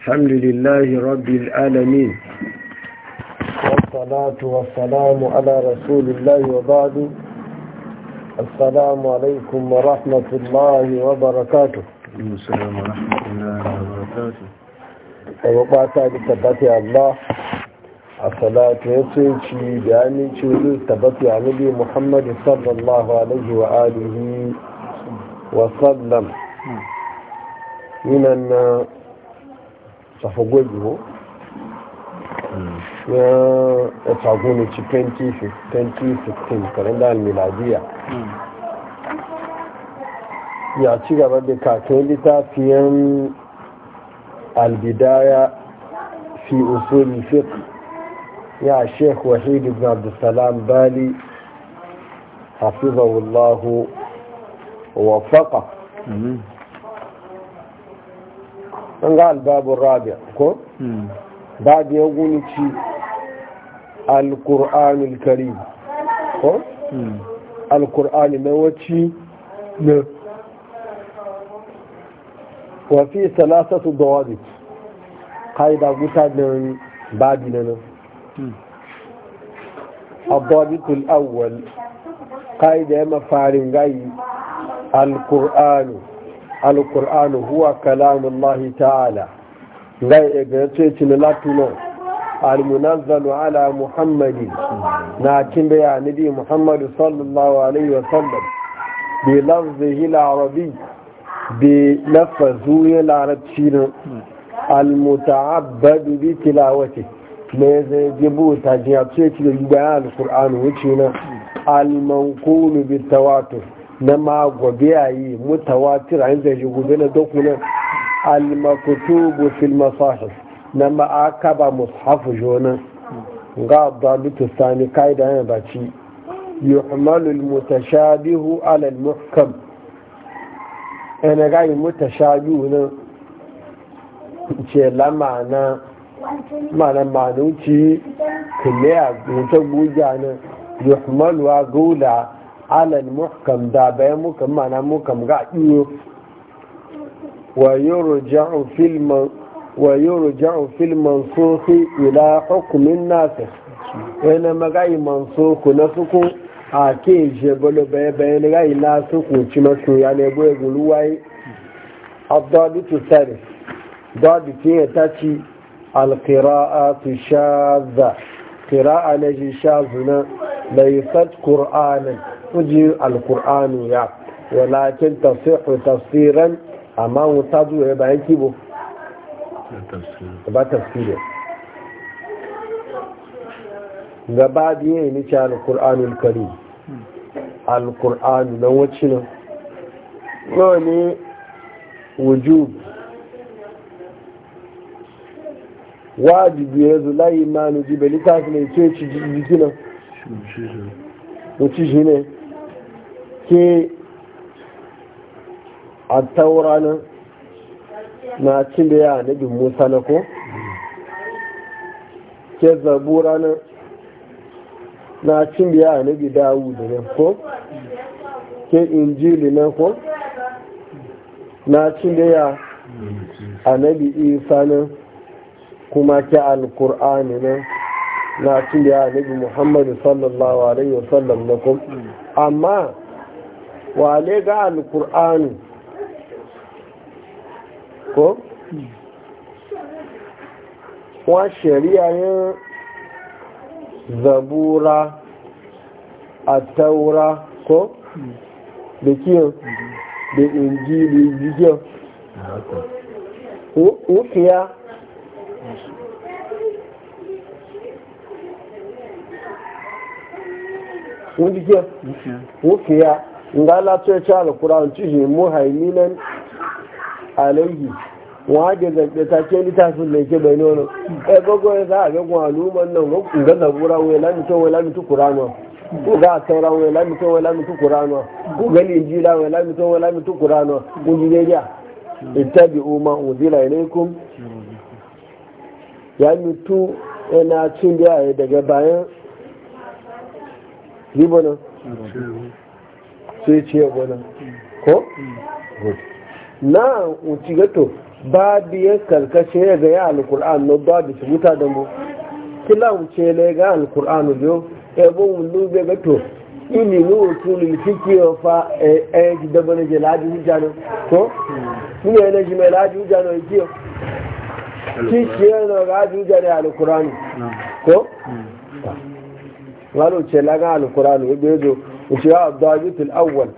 الحمد لله رب العالمين والصلاة والسلام على رسول الله وبعد السلام عليكم ورحمة الله وبركاته السلام ورحمة الله وبركاته وبعد تبتي الله الصلاة يسيتي بأني تشيري تبتي عن محمد صلى الله عليه وآله وسلم نعم. من النار sàfọ̀gbọ́ ìgbìmọ̀ hmm. na ẹ̀tàgún ní ti 2016 kalendar miladiya ya ci gaba da kakin littafiyan albidaya fi usul fiqh ya sheikh wahid ibn abdussalam bali hafizahullahu wa faqa hmm. an ga albabin rabia ko? Hmm. babu ya ci alkur'anul kari ko? Hmm. alkur'ani na wacce na wafi salasatu da wadi ƙa'ida guta da babi na nan hmm. abdabitul awwal ƙa'ida ya mafarin gayi alkur'ani alkur'an huwa kalamun lahi ta'ala zai egara ce na latino almunazzalu ala muhammadi na cin da ya nabi muhammadu sallallahu alaihi wasallam bi lafzihi larabi bi lafazu ya larabci nan almuta'abbadu bi tilawati me zai ta jiya ce da bayan alkur'an wuce na almankulu bi tawatur na ma gobe yayi mutawatir an zai gobe na dokunan almakutubu maktubu fil masahif na ma hafi mushafu jona ga dalutu sani kaida yana baci yuhmalu al mutasha ala alal muhkam ana ga mutashabihu nan ce lama na mana manuci kuma ya mutan guja nan yuhmalu a gula alal muhkam da bayan muhkam mana muhkam ga iyo wa yurja'u fil man wa ila hukumin nasa wani magayi mansukh na suku a ke jebolo bayan bayan gayi na suku ci masu ya ne boye guluwai abdadu to sare dadi ce ta ci sha za. Kira na shi sha zuna laysat qur'anan uji alƙur'anu ya walakin tafsihu tafsiran amma mutazu ya bayan kibo ba tafsiri gaba biye ni ta alqur'anul karim alƙur'anu nan wacce nan ne wujub wajibi ya zo layi manu jibe littafi ne ce ci jiki nan wuci shi ne ke a taura nan na cile ya nabi musa na ko ke zabura nan na cile ya nabi dawud nan ko ke injili nan ko na cile ya a nabi isa nan kuma ki alkur'ani ne na ciya nabi muhammadu sallallahu alaihi wasallam na kuma amma wale ga alkur'ani ko wa shari'a yin zabura a taura ko da kiyon da injili jikin wukiya wọ́n ti jẹ́ ya nga ala ẹ̀ṣẹ́ àlùkùrá ọ̀tún ṣe mú haiminan àlẹ́yìí wọ́n á jẹ́ gbẹ̀ta tí ẹni tá a fi lè ṣe bẹ̀ ní ọ̀nà ẹ gbọ́gbọ́ ẹ sáà gẹ́gùn àlùmọ́ náà nga zàgbúra wọn lámìtọ́ ko ga taura wọn lámìtọ́ wọn lámìtọ́ kura náà ko ga lè jí la wọn lámìtọ́ wọn ko jí lè ya ìtàbí ọmọ òdìlà ilẹ́kùn yà mí tú yi bana sai ce bana ko? good na gato ba biyan ya ga ya alkur'an na ba da muta da mu kila ga alkur'an yau ebe gato fa hujjano e, e, ko ni ne laji hujjano kiyo na hujjano alkur'an ko hmm. wani ce laga alkurani ya bezo wuce ya abdajitul awwal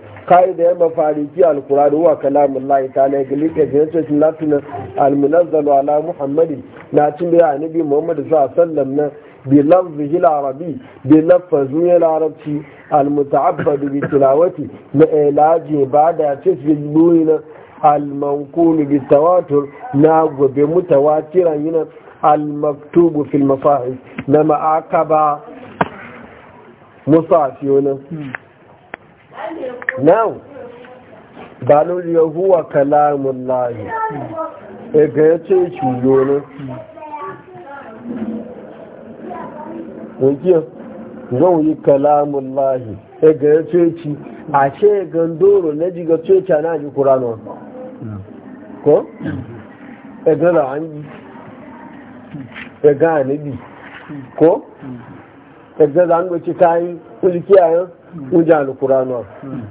da ya mafariki alkurani wa kalamun lahi ta na gali ka je ce shi latin almunazzalu ala muhammadin na cin da ya nabi muhammad sallallahu alaihi na bi lafzihi arabi bi lafzi al-arabci al bi tilawati na ilaji ba da ce shi duyin al-manqulu bi tawatur na gobe mutawatiran yin al-maktubu fil na ma'akaba musafi wani hmm. now balol yahuwa kalamun lahi ga ya ce cuyo ne wakiyo zan yi kalamun lahi ga ya ce a ce gandoro na jiga ce ca na ji kurano ko? ga da an yi ga ko? kaga za mu ci kayan kuji kiyayen kuji alkurano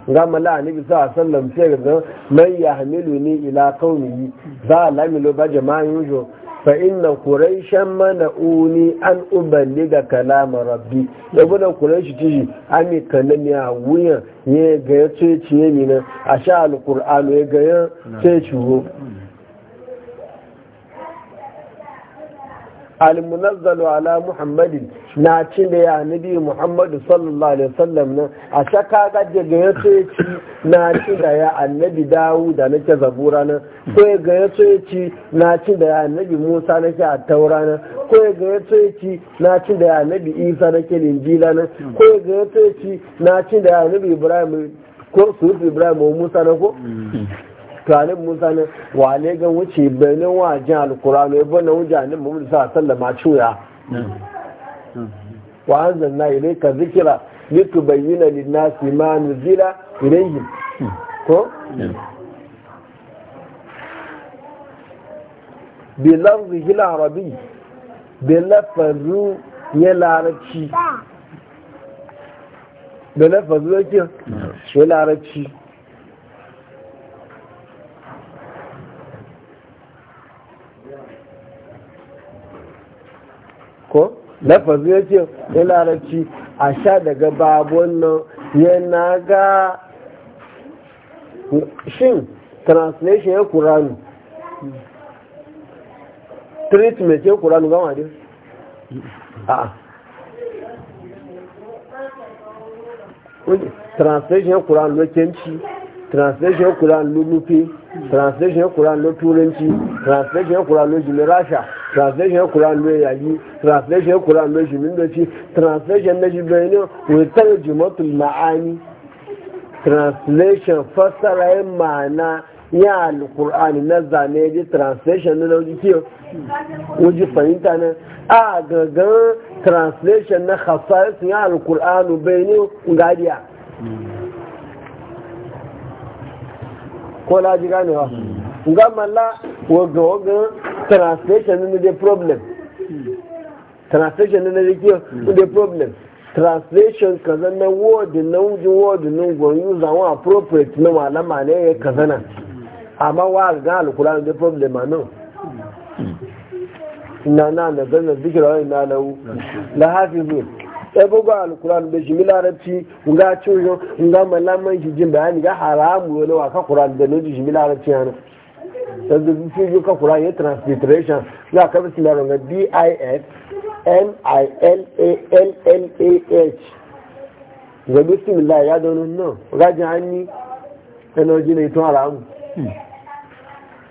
ga mala annabi sa sallam ce ga man yahmilu ni ila qaumihi za lamilu ba jama'in yujo fa inna mana mana'uni an ga kalama rabbi da guda quraishi tiji ami kanan ya wuya ya ga ya ce ce ya nina a sha alkur'ano ya ga ya ce al-munazzalu ala muhammadin na cin da ya nabi muhammadu sallallahu alaihi wasallam nan a shaka gaje ga ya ci na cin da ya annabi dawu da nake zabura nan ko ga ya ci na cin da ya annabi musa nake a taura nan ko ga ya ci na cin da ya annabi isa nake linjila nan ko ga ya ci na cin da ya annabi ibrahim ko su ibrahim musa na ko tunanin musa ne wale gan wuce benin wajen alkurano ya bane wujen annabi Musa sallama a cuya wa zikira ilayka dhikra litubayyana lin-nasi ma nuzila ilayhim ko bi lafzihi al-arabi bi lafzu ya larabci da lafazu yake ya larabci ko lafazi ya ce ya larabci a sha daga babon nan yana ga shin translation ya kuranu treatment ya kuranu gama dai a translation ya kuranu lokenci translation ya kuranu lulufi translation ya kuranu turanci translation ya kuranu jimirasha translation kuran lo ya yi translation kuran lo shi min da ci translation na shi bayani wa tarjumatul ma'ani translation fasara ma'ana ya alkur'ani na zane ji translation na lauji kiyo wuji fahimta na a gagan translation na khasarisun ya alkur'ani bai ne gadiya ko laji ganewa wa wagawagan translation ne de problem translation ne da kiyo de problem translation kaza na word na wujin word nun gwan use awon appropriate na malama ne ya kaza na amma wa ga alkuran de problem anu. na na na zanna zikira wani na lau la hafizu sai bugu alkuran da shi milarabci nga ciwo nga malaman jijin bayani ga haramu wani wa ka kuran da nuji shi milarabci hana yanzu fi yi ka kura yi transliteration za ka bisi laron na dif H zabi simila ya donin nan rajin hannu energy ne tun haramu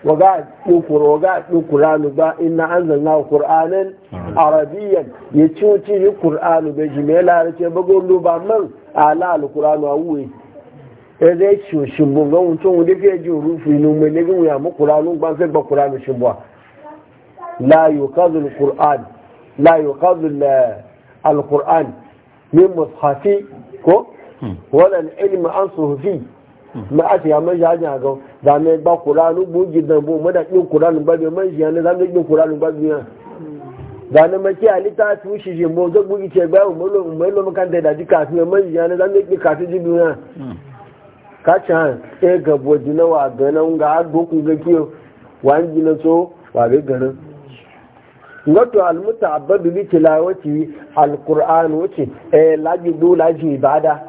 waga ɗukura waga ɗukura nu ba ina an zanna ƙur'anin arabiyyan ya ci wuce yi ƙur'anu bai jimela da ce bagon ba man ala al-ƙur'anu a wuwe ẹ̀rẹ́ tí ò ṣùgbọ́n gan tó ń défẹ́ jù rúfù inú mọ́ ẹlẹ́gbẹ́ wọn àmú kùránù gbáfẹ́ gbọ́ kùránù ṣùgbọ́n láyò kádùn kùránù láyò kádùn alkùránù ní mùsàfí ko hmm. wannan ilmi an sufi hmm. ma a tiya man shaji a gan da ba kuranu bugi da bu mada ɗin kuranu ba biyu man shi yana kuranu ba biyu da na maki a lita su shi shi mo zai bugi ce bayan umarlo da ji kafin man shi yana zama ɗin kafin ji kacan e gabo jina wa ganin ga agboku ga kiyo wa jina so wa ga ganin ngato almuta abadu bi tilawati alquran wuce e laji do laji ibada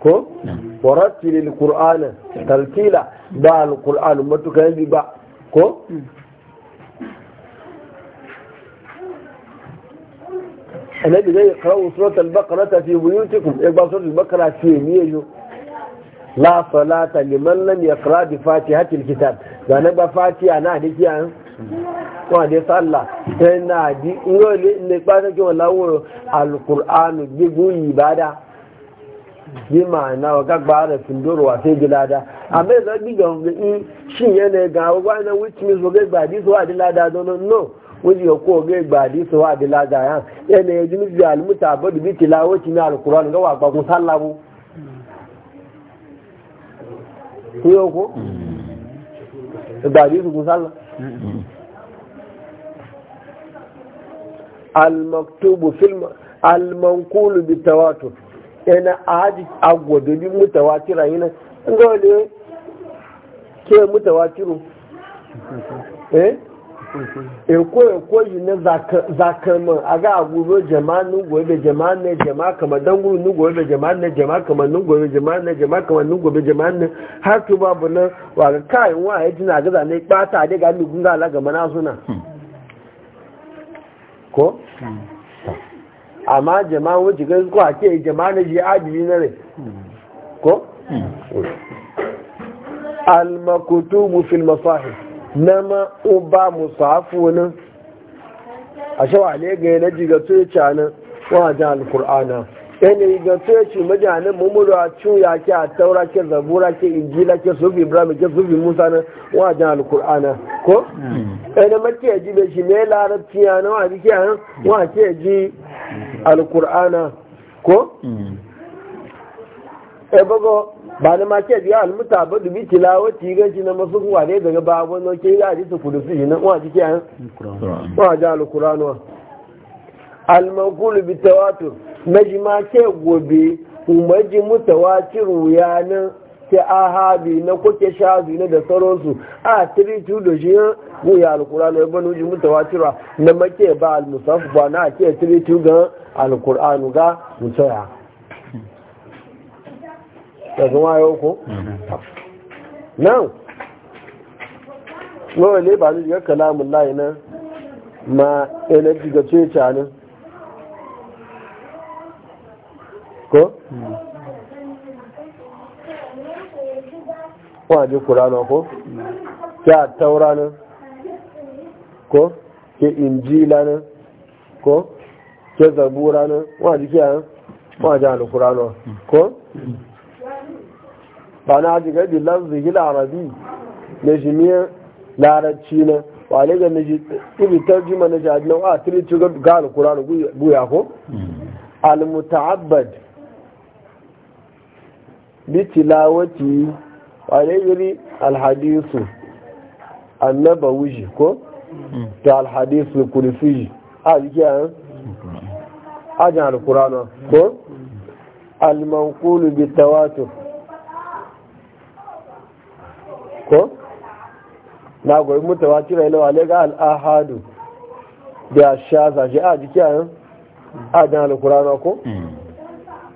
ko warattil alquran tartila ba alquran matukan bi ba ko الذي يقرأ سورة البقرة في بيوتكم يقرأ سورة البقرة في ميجو la salata liman lam yaqra bi fatihatil kitab da na ba fatiha na hadisi an ko da salla na di ngole ne ba ta kiwa lawo alquran bi bu ibada bi na wa ka ba da sindoro wa sai gilada amma da bi ga in shin yana ga wa na which means wa ga ba di so adilada don no wani ya koge gbadi su wa adilada ya yana ya jini bi almuta ba bi tilawati na alquran ga wa ba kun sallamu ku yau ko gari su gusalla al-maktubu al-manqulu yana aji agwado bi mutawatira yana ke mutawatiru eh ekwe ekwe yi na zakaman a ga agwuro jama nungo ebe jama na jama kama don guru nungo ebe jama'a na jama kama nungo ebe na jama kama nungo ebe jama'a na har tu bu nan wa ga kayan wa ya na hmm. hmm. gaza ne kpata da ga nugun ga alaga na. suna ko amma jama'a wajen ga zuwa e jama na ji adili na rai ko al-maktubu nama uba musafu nan a shawa ne ga yana jiga tuyaca nan wajen alkur'ana Ene ga tuyaci majanin mummuruwa ya ke a taura ke zabura ke injila ke sufi ibrahim ke sufi musa nan wajen alkur'ana ko yana hmm. e maki ya ji bai shi ne larabci ya nan wa ke nan wa ke ji alkur'ana ko? Hmm. e bago ba na ma ke biya almuta ba dubi tilawa tigan shi na masu kuwa ne daga babu na ke a ji su kudu su shi na uwa jike an uwa ji alkuranuwa almakulu bi tawatur maji ma ke gobe umarji mutawatiru ya na ke ahabi na kuke shazi na da sauransu a tiritu da shi yin ya alkur'ani ya bani uji mutawatira na make ba almusafu ba na ke tiritu ga alkur'ani ga mutaya ẹ̀sùn nwayọọkụ. now náà lọ́wọ́ ilé ìbàdí jẹ́ kalamun lai na ma ẹ̀nà jìgà tó yẹ càánú kó? wọ́n kùránà kó? kí a taura náà kó? kí injila náà kó? kí zabura náà wọ́n àjẹ́ kí a wọ́n àjẹ́ kó? bana na ji gaɗi lanzu larabi na jimiyar larabci na ba ne ga naji ibi tarjima na jihadi na a tiri ci ga da buya ko mm. al-muta'abbad bi tilawati ba ne hadisu annaba wuji ko ta mm. al-hadisu kulifiji a jiki eh? mm. a ajin na eh? ko al-mankulu bi tawatur ko na goyi mutawa kira ilawa ne ga al'ahadu da sha zaje a jiki a yin adin alkurana ko mm.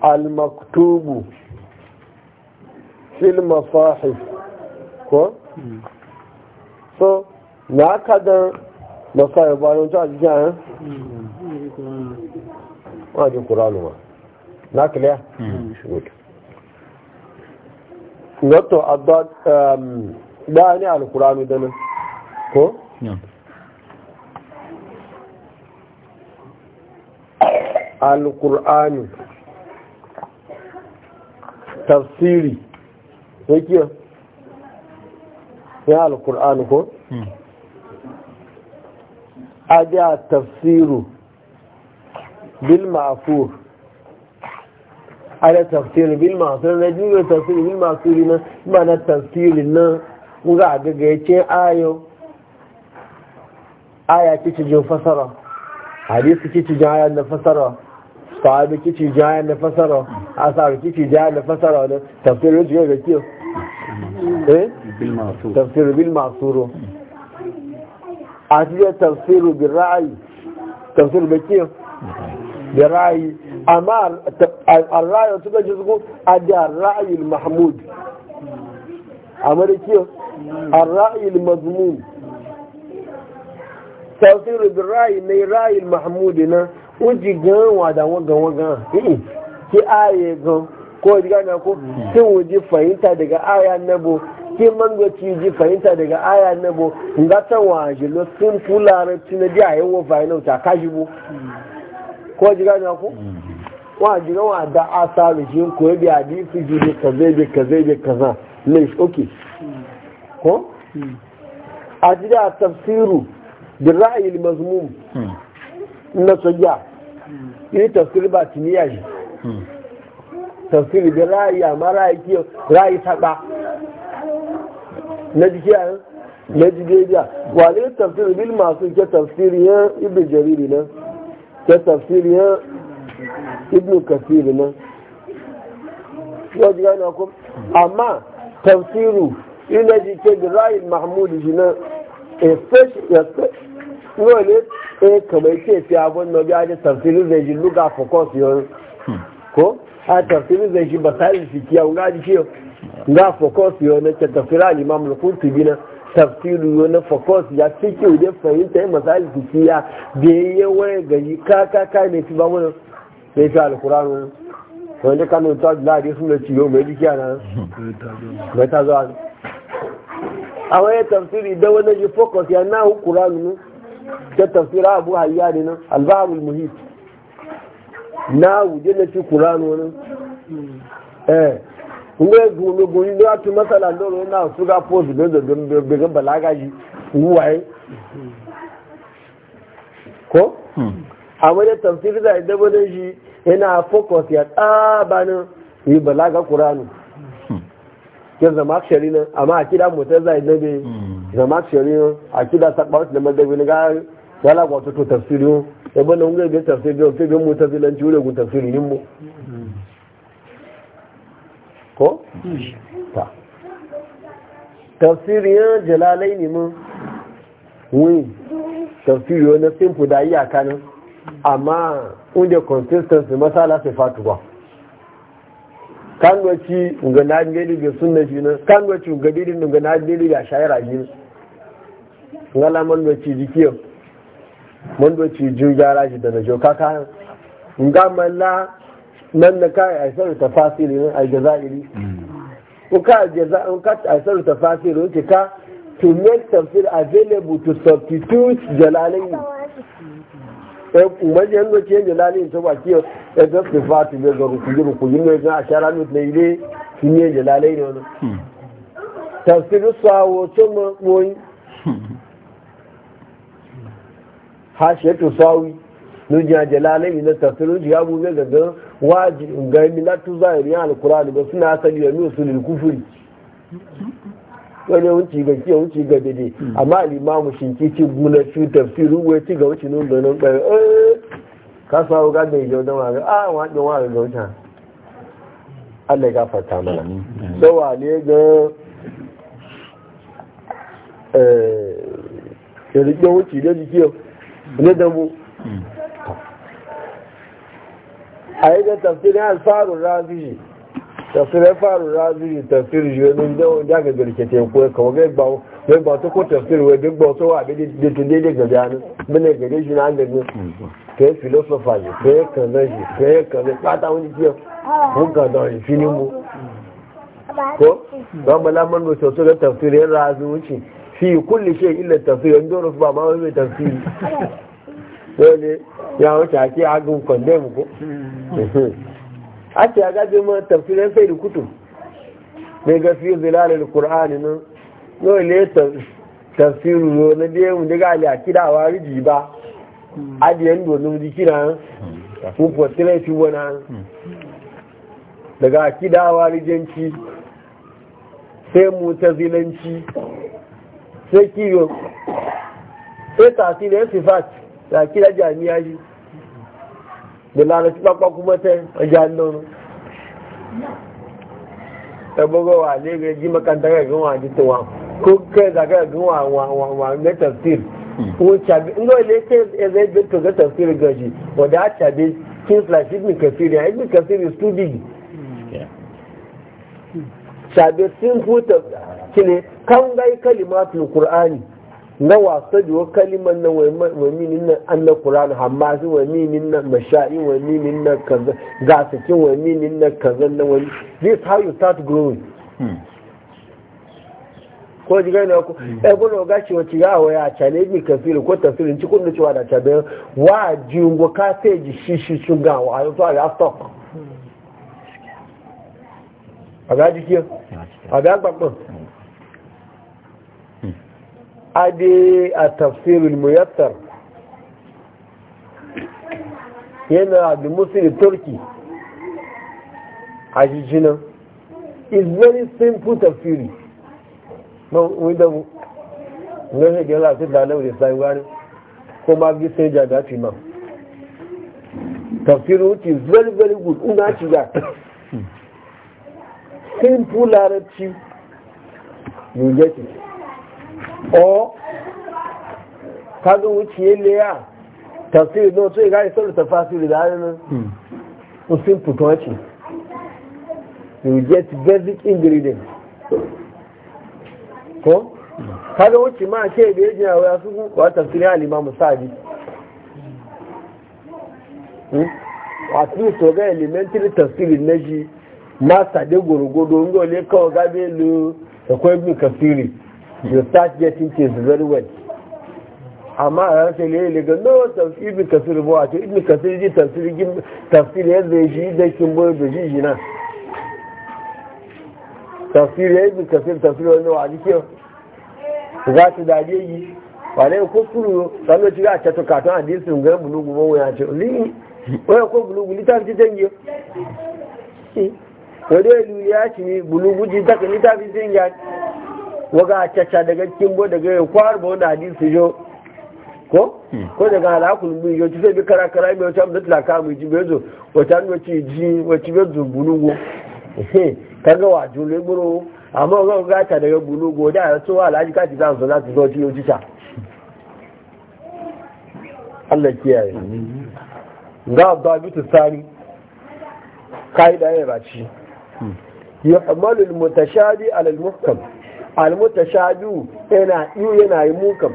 al-maktubu fil masahif ko mm. so na aka dan masahif ba yanzu a jiki a yin mm. wajen kuranuwa na kiliya? shi wato um, da ne alkuranu da nan ko? alkur'ani tafsiri yake ya alkur'ani ko? Hmm. a tafsiru bil ma'afur ala tafsir bil ma'sur na juyo tafsir bil ma'sur na ba na tafsir na mun ga ga yace ayo aya kici jin fasara hadisi kici jin aya na fasara sahabi kici jin aya na fasara asar kici jin aya na fasara na tafsir juyo ga kiyo eh bil ma'sur tafsir bil ma'sur asiya tafsir bil ra'i tafsir bil kiyo bil ra'ayi. amma al-ra'ayi suka ji suku a da ra'ayil mahmud a marikiyar al-ra'ayi mazmun tafsirin ra'ayi ne ra'ayil mahmud na uji gan wada wagan wagan ki aye gan ko ji gana ko kin wuji fahimta daga aya nabo ki mango ci ji fahimta daga aya nabo ngata wa jilo sun fulare tinaji ayewo fahimta ka jibo ko ji gana ko wa jira wa da asa da shi ko bi fi ji da kaza bi kaza bi kaza ne okay ko a jira tafsiru bi ra'ayi mazmum na soja ni tafsiri ba ya ji tafsiri bi ra'ayi amma ra'ayi ki ra'ayi saba na ji jikiya na ji jijiya wa ne tafsir bil masu ke tafsiri ya ibn jariri nan ke tafsiri ya ibn kafir nan yau ji gane ku amma tafsiru ina ji ke girayin mahmud shi nan wale e kamar ke fi abin na biya da tafsirin zai ji luga focus yau ko a tafsirin zai ji basarin fikiya nga ji ke nga focus yau na ke tafsira al-imam al-qurtubi na tafsiru yau na focus ya fi kyau da fahimta yin masarin fikiya da yi waya gari ka ne fi ba sai fi alkuranu wanda kanu ta ciyo mai na mai ta zuwa a wani tafsiri da wani ji ya na hukuranu ta tafsira abu hayya ne nan muhit na wuje na ci kuranu eh kuma gumi gumi da wata matsala na su ga post da don balaga ji ruwaye ko a wani tafsiri da ya dabo shi Ina focus ya tsabanin yi balaga ƙuranu hmm. hmm. ke zama shari nan amma a kida mutar zai nabe zama shari nan a kida sakpa wasu da madabi na gari wala kwato to tafsirin ya bane wunga ga tafsirin ne, fegin mu tafsirin ciwo gun tafsirin yin mu ko? ta tafsirin yan jalalai ne mun wani tafsirin na simpu da iyaka nan amma inda consistency masala sai fatu ba. kanwaci ga na gani ga sunna shi ne kanwaci wace ga dinin ga na gani ga shayara shi ngala man ci jikiyo man ci ju gara shi da na jo kaka nga malla nan da kai aisar tafasiri nan jazairi ko ka jaza an ka aisar tafasiri ko ka to make tafsir available to substitute jalalain umarjen lokaci yanzu lalin ta baki ya ga sifatu ga rukuyi rukuyi ne ga ashara ne na ire shi ne da lalai ne wani tafsirin sawo to mu boyi hashiyatu sawi nujiya jalalai ne na tafsirin ji abu ne ga waji ga zahiri alkurani ba na asali wani wuce ga ke wuce ga dade amma shi shinki ci guna shi tafsiru wai ci ga wuce nun da nan kai eh, ka sawo ga bai jau dama ga a ah, wa dan wa ga wuta Allah ya fata mana So wa ne ga eh ya rike wuce da jikiyo ne da mu hmm. a yi da tafsirin alfarun razi tafsirin faru razi tafsir shi wani da wani jaga garke teku ko ka waga ba wai to ko tafsir wai duk ba to wa bi da tun dai ga dan bane gari shi na an da ne ke philosopher ne yi kaza shi ke yi ba ta wani kiyo mun da wani ne mu ko ba malaman mu to da tafsirin razi wuce fi kulli shay illa tafsirin dole ba ma wani wai tafsiri dole ya wuce ake agun kwandem ko hmm. ake ya gaje ma tafsirin sai da kutu mai gafi zilalar kur'ani nan yau ne tafsirin yau na da yau daga ali a kida wa riji ba adiyan domin jiki na ko fasirai fi wani daga kida wa rijanci sai mutazilanci sai kiyo sai tasirin sifat da kida jami'a shi gbìlànà tí a kú mọ́tẹ́ ọjà lọ́rùn ẹgbọ́gbọ́ wà lẹ́gbẹ̀ẹ́ jí mọ́kàntà gẹ̀gẹ́ wọn àti tó wọn kó kẹ́ẹ̀dà gẹ̀gẹ́ wọn àwọn àwọn mẹ́tẹ̀ fíìl wọ́n tàbí ńlọ ilé tẹ́ ẹ̀rẹ́ ẹgbẹ́ tó gẹ́tẹ̀ fíìl gẹ̀jì ọ̀dà àtàbí kingslash ibn kafiri a ibn kafiri is too big tàbí simple tàbí kan kángáì kalimatul qur'ani na wasa da kaliman nan wai minin nan an na Qur'an amma su wai minin nan masha'i wai kaza ga sakin wai minin nan kaza na wani this how you start growing ko ji gani ko eh gono ga ci wace ya waya chale mi kafiri ko tafsirin ci kun da cewa da tabe wa ji jingo ka sai ji shi shi shi ga wa a ayo to ya stop hmm. a ga ji a ga gbagban ade a tafsirin muyassar yana da musulun turki a jijinan is very simple tafsiri na wida mu na shi gela su da lauyi sai wani kuma ma bi sai ja da ma tafsiri which very very good una ci ga simple larabci you get it o kaga wuciye ne ya tafsiri n'o so ga isar da tafsiri da hannun un simple touch you get basic ingredient ko kaga wuce ma ke da yaji e a waya su wa tafsiri al-imam musadi hmm? at least ga elementary tafsiri na shi ma sade gorogodo ngo le kawo gabe lu da kwai bin tafsiri you start getting things very well amma a yanke ne ne ga no tafsir ibn kasir ba to ibn kasir ji tafsir gin tafsir yadda shi da kin boye da shi jina tafsir ya ibn kasir tafsir wani wa jike za ta dage yi ba ne ko kuru sannan ci a cato to katon hadisin ga bulugu ba waya ce ni waya ko bulugu ni ta ji dangi wadai luliya ci bulugu ji ta ni ta fi dangi waga caca daga cikin bo daga ya kwar ba wanda hadisi jo ko hmm. ko daga alakun mu yau ci sai bi kara kara mai wata da tlaka mu ji bezo wata no ci ji wata bezo bulugo kaga wa jule buru amma ga ga ta daga bulugo da ya tsowa alaji ka za zan zo na ci zo ci yo cica Allah kiyaye ga tsari sani da ya baci hmm. yi al-mutashabi alal al-muhkam almuta shaju yana yu yana yi mukam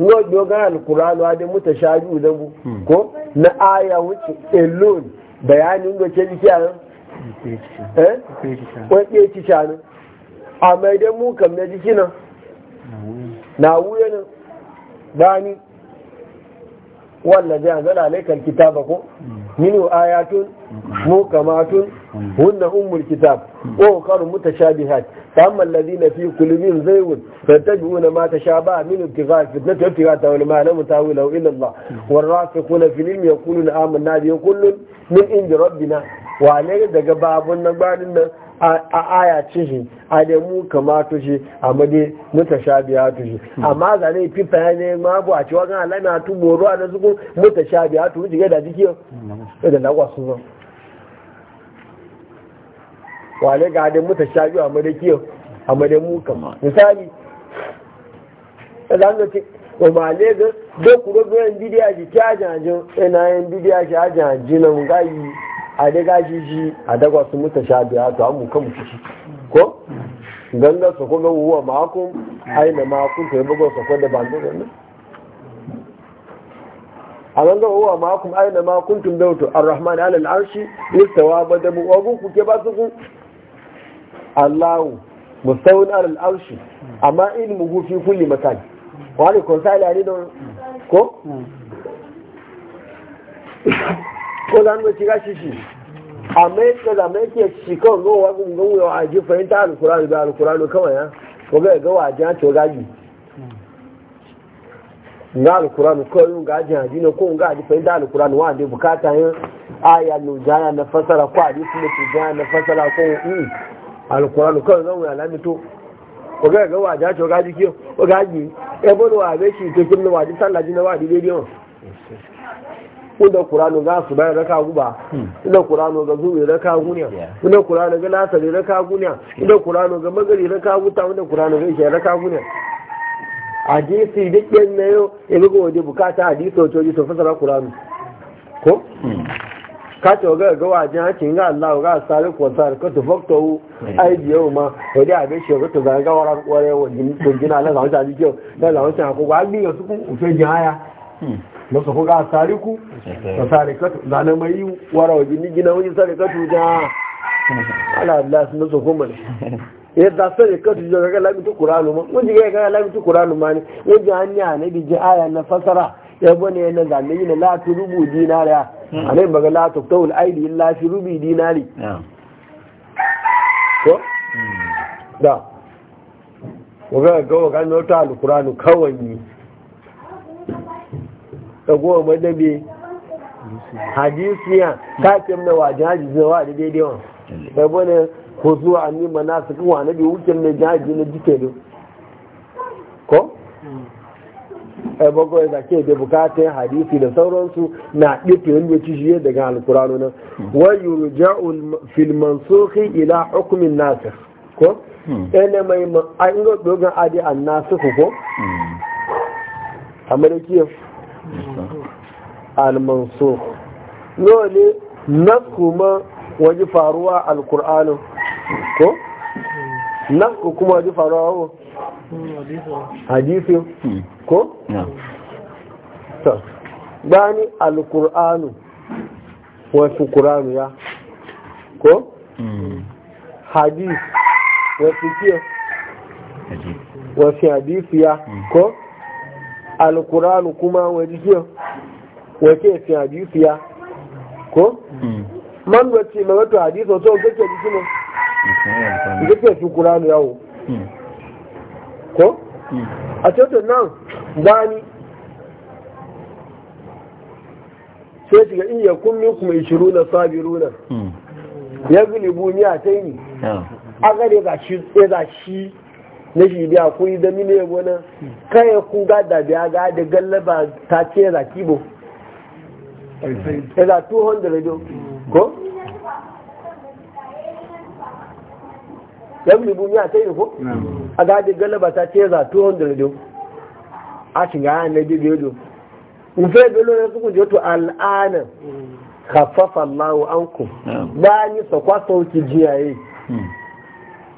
ngo doga alqur'anu ade muta shaju da bu hmm. ko na aya wuce elon bayanin da ke jiki an eh wani ci shanu amma idan mukam na jiki nan na wuya nan bani wallazi anzala alaikal kitaba ko hmm. minu ayatun mu kamatun hunna ummul kitab wa qaru mutashabihat fa amma alladhina fi qulubihim zayghun fatabi'una ma tashabaha minhu ibtigha'a fitnati ibtigha'a tawil ma lam tawilu illa Allah wal rafiquna fi lim yaquluna amanna bi kullun min inda rabbina wa alayhi daga babun na badin nan a aya ci a da mu kama to shi a muta sha biya shi hmm. amma zane fifa ne ma bu a ci wa kan alama tu boro a nasu kun biya to ji da jiki hmm, eh, da lagwa su zo wale ga da biya a made kiyo a made mu kama misali eh, zan ce o ma le ga do kuro ga bidiya ji ta janjo ina eh, yin bidiya ji a janjo na mu gayi a daga shi shi a dagwa su muta sha biya to an muka mutu shi ko ganga su kuma wuwa makon aina makon to yi bugon su ko da bandu ne nan a ganga wuwa makon aina makon tun da an rahman alal arshi listawa ba da mu wagun ku ke ba su ku allahu mustawin alal arshi amma mu gufi kulli makan wani kun sa ilani don ko hmm. ko za mu shiga amma yadda da ke shi a ji fahimta alkurani da alkurani kawai ya ko ga ga gaji na alkurani ko yun ga ji ne ko ga wa bukata yin aya no na fasara na fasara ko in alkurani e bolo wa kuda kurano ga su bayan raka guba hmm. kuda kurano ga zuwa raka guniya kuda kurano ga lasari raka guniya kuda kurano ga magari raka guta kuda kurano ga ishe raka gunya hadisi duk yan na yau ya ga waje bukata a jisi wato jisi sun fasara kuranu ko hmm. ka ga ga waje hakin ga Allah ga sare ko sare ka to fakto hmm. ai biyo ma to a abin shi to ga ga waran kware wajen gina Allah ga wata ji kyau da lawan ta ko ga biyo su ku ufe jaya na su fuga a sariku da da zane mai yi wara waje ni gina wajen sarikatu ja ala abdullahi sun nasu kuma ne eh, da sarikatu ja gaga lamitu kuranu ma Wajen jiga gaga lamitu kuranu ma ne an hanya na bijin aya na fasara ya bane na zane yi na latu rubu dinariya hmm. a nai baga latu tawul aidi yin fi rubi dinari ko hmm. da waga ga waga nota alkuranu kawai ɗagowa madabe hadisiya kafin na wajen hajji zawa da daidai wa da bane ko zuwa an yi mana su kuma na bi wukin na jaji na jike ne ko ai bago ya zake da bukatun hadisi da sauransu na ɗife wanda ci shi daga alkurano nan wa yurja'u fil mansukhi ila hukmin nasir ko ɗaya mai an ga dogon adi an nasu amma da kiyo almanso dole nasku ma waje faruwa alkur'anin ko nasku kuma waje faruwa wa hadisi ko ta bani alkur'anu wasu kuranu ya ko mm. hadis wasu kiyo wasu hadisi ya mm. ko alkuranu kuma wani ke wace fi hadisi ya ko hmm. man wace ma wato hadisi wato kake jiki ne hmm. kake fi kuranu yawo hmm. ko a cewa nan bani sai shiga in ya kun min kuma ishiru na sabiru na ya gulibu ni a taini a gare ga shi na shi biya ku yi zami ne yabo nan kaya ku gada biya ga da gallaba ta ce za bo ya za 200 yau ko? yan ribu ya ta yi ko? a ga da gallaba ta ce za 200 yau a shiga yana na biyu yau ufe galo na suku joto al'ana kafafa lawo an ku ba ni sakwa sauki jiyaye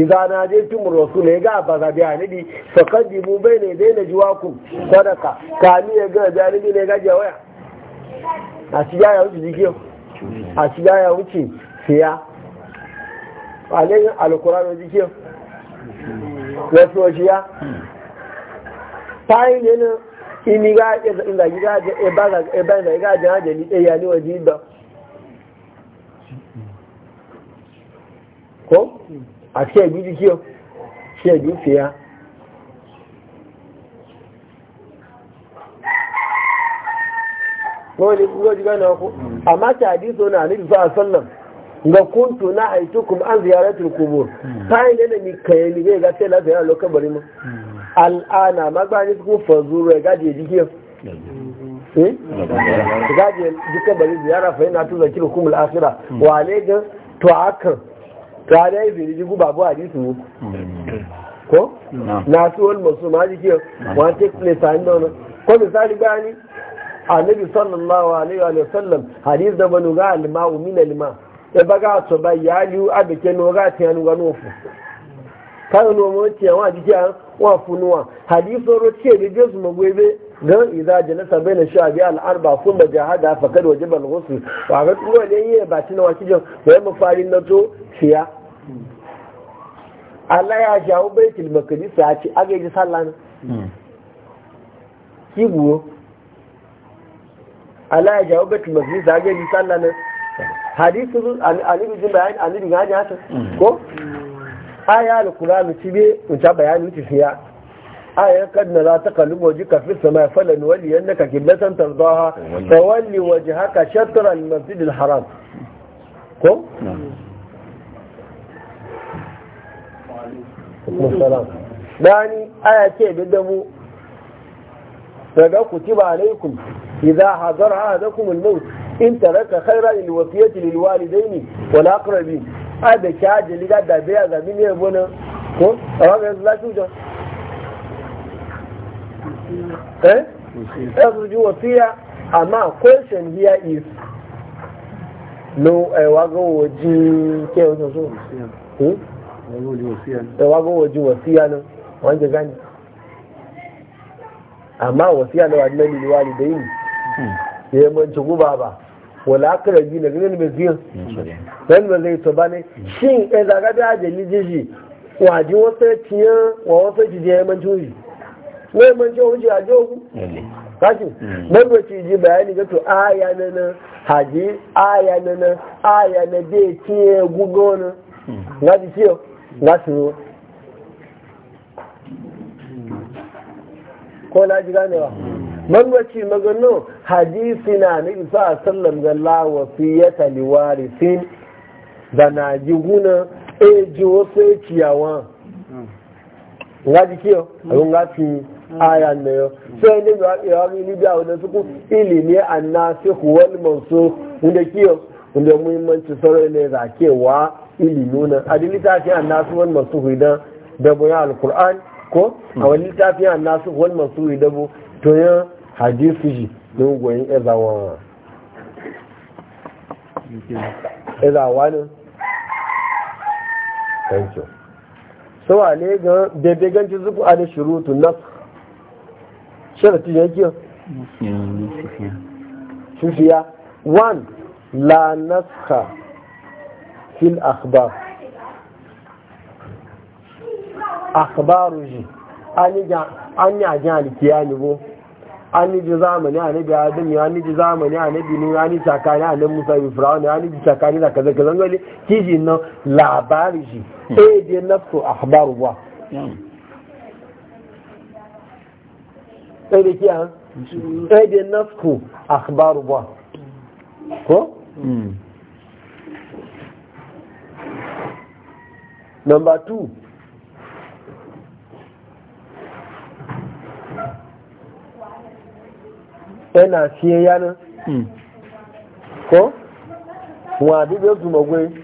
idza najaytum rasul ga ba ga bi anabi faqaddimu bayna dayna juwakum sadaka ni ya ga da anabi ne ga jawaya a shiga ya wuce jikiyo a shiga ya wuce siya alin alkurano jikiyo ya washiya ta yi ne na ini ga inda gida ga eba da ga jan hajjali ya ne waje da ko àti ẹ̀bí kí ọ ṣe ẹ̀bí fi ya wọ́n ni kúrò jí gánà ọkú àmá tí àdíso náà ní ìfẹ́ àṣọ́nà ga náà àìtó kùn án ziyaratul qubur tayin da mi kai ni ga sai la ziyara lokacin bari mu al'ana magbani ku fazuru ga je jikiyo eh ga je jikiyo kí ziyara fa ina tu zakirukum al akhirah wa alayka tu'akan ta da yi zirgi guba bu a jisu ko mm. na su wani masu ma jike wani take place a inda wani ko misali gani nabi sallallahu alaihi wa sallam hadis da banu ga alima umina lima e baga to ba yaliu abike no ga ti anu ga no fu kan no mo ti an wa jike an wa funuwa hadis ro ti e de su mo gwebe dan idza jalasa baina shabi al arba kuma jahada faqad wajaba al ghusl wa ga tuwa ne yi ba ti na wa kijo wa mu fari na to fiya Allah ya jawo baitul maqdis ya ce aga yi sallah ne hmm. buwo Allah ya jawo baitul maqdis ya ga yi sallah ne hadisu bi jin bayani bi ga haka hmm. ko aya alqur'ani ci be ta bayani ci fiya aya kad na ta kallu waji ka fi sama falan wali yannaka kiblatan tardaha tawalli wajhaka shatran masjidil haram ko hmm. dani aya ce bi da mu daga kutiba alaikum idza hadara ahadakum al-maut in taraka khayran lil wasiyati lil walidayn wal aqrabin ada kaje liga da biya ga mini bona ko awa ga za ku jo eh azu ju wasiya amma question here is no eh wago wajin ke wajo so hmm Wa gbọ́ ojú amma wọ̀síyá náà wà ní mẹ́lì ni wà ní dẹ́yìn ya manci guba ba wala akara ji na ganin mai ziyan ɗan ba zai to ba ne ɗan zaga da ajali jiji waje wasu ciyan wa wasu ya yi manci wuji ne manci wuji a jogu kashi nan ba ci ji bayani ga to aya na na haji aya na na aya na bai ciye gugu na na ji ciyo su wo ko na ji ba manwaci magano hadisi na nabi sa sallam ga lawa fiyata liwarisin da na ji guna e ji wasu ya e ciyawa nga ji kiyo abin nga fi aya na yau sai ne ga yawa ni biya wadda suku ilimi annasi huwal mansu wanda kiyo inda muhimmanci sarai ne zakewa ilimi nuna. a littafin annasu wani masu hudan dabo ya alkur'an ko a wani littafin annasu wani masu hudan bu to yin hadisi ji don goyin ezawa ezawa ne thank you so a ne ga daidai ganci zuku a da shirutu na sharatin yake sufiya one la naskha fil akhbar akhbaru an ne bo a nabi adam ya ni ji zamani a nabi nu ya ni tsakani musa yi firawun ya ni ji tsakani da kaza kaza ngole kiji na labari ji eh dai nafsu ba sai da kiyan eh ba ko Hmm. number two yana fiye hmm. yanar ko wa dubbe zumagwai hmm.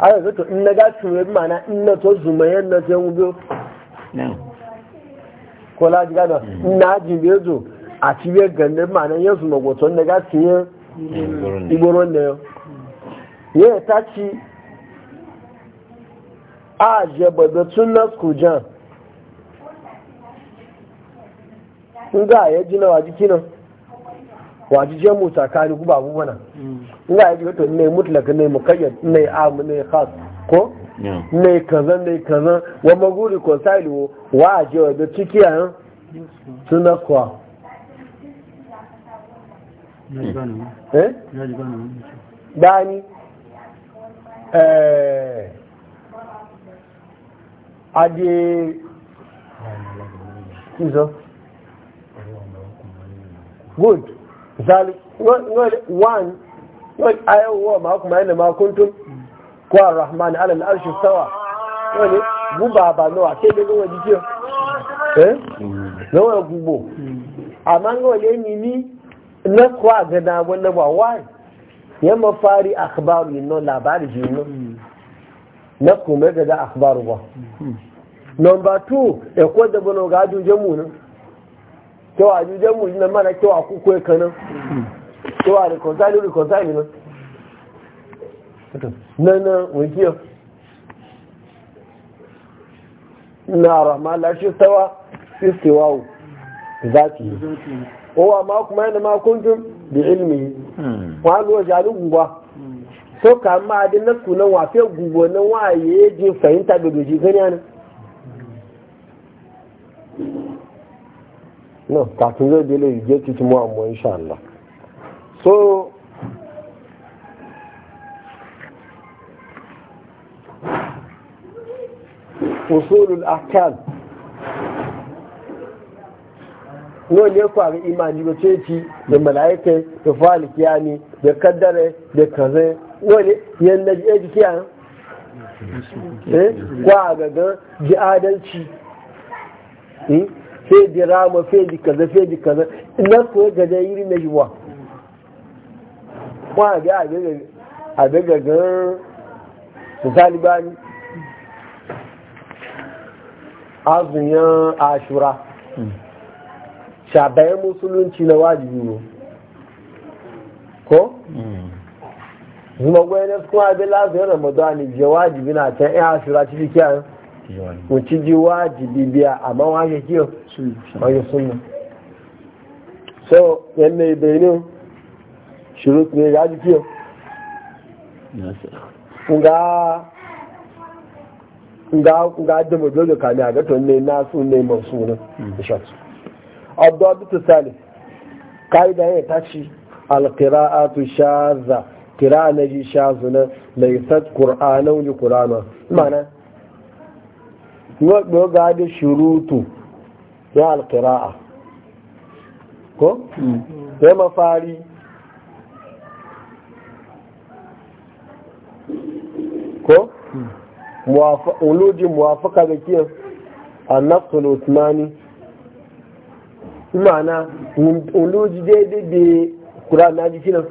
a yanzu to in na gaci na to zumayen na sai mu biyo a cibiyar gandun ma'anan yansu magoton da gasiyin igboron da yau yaya ta ci a jababatun na skujan in ga ya jina waji kinan waji jan mota kani guba abubuwan in ga ya ji wato ne mutlaka ne mukayyar ne amu ne khas ko ne kazan ne kazan wa maguri ko saliwo wa a jababatun kiyayen sun na skuwa gbani eh, adé ìzọ good zali one sawa wani guba ba nawa ke da nawa eh nawa gubo ni na kwa ga na wani ba wai ya mafari akhbaru yin nan labari ji nan na kuma ga da akhbaru ba number two ya e kwa da bano ga ajujen mu nan kewa ajujen mu nan mana kewa kukwai ka nan kewa reconcile reconcile nan na nan wikiyar na rahama lashe tawa istiwawu zaki kowa ma kuma yana ma kuntum da ilmi hmm. wa lo jalu gungwa so ka ma adin na sunan wa fe gungwa nan wa ye je doji gani ana no ka tun zai yi wani ne faru imani ba ce ci da mala'ikai da falikiya ne da kaddare da kaza wani yadda ya ji kiya kwa gaga ji adalci sai di rama sai di kaza sai di kaza na kuwa gaza yiri na yiwa kwa ga abin gaga ba talibani azumin ashura shabayin musulunci na wajibi ne ko? zuma gwayana kuma abin lafiyar ramadani je wajibi na can yan asira ciki kiyan wuci ji wajibi biya amma wake kiyo wake sunna so yan mai benin shirut ne ji kiyo nga nga nga da mu dole kami a ga to ne na su ne masu ne shatu addu'a salif ƙa’ida ya tashi alqira'atu shazza ƙira'a na ji mai sat qur'anan li qur'ana mana yo ga da shirutu ya alƙira'a ko ya mafari ko wulujin muwafuka da kiyar annafsul usmani ma'ana oloji daidai da kura na jiki nan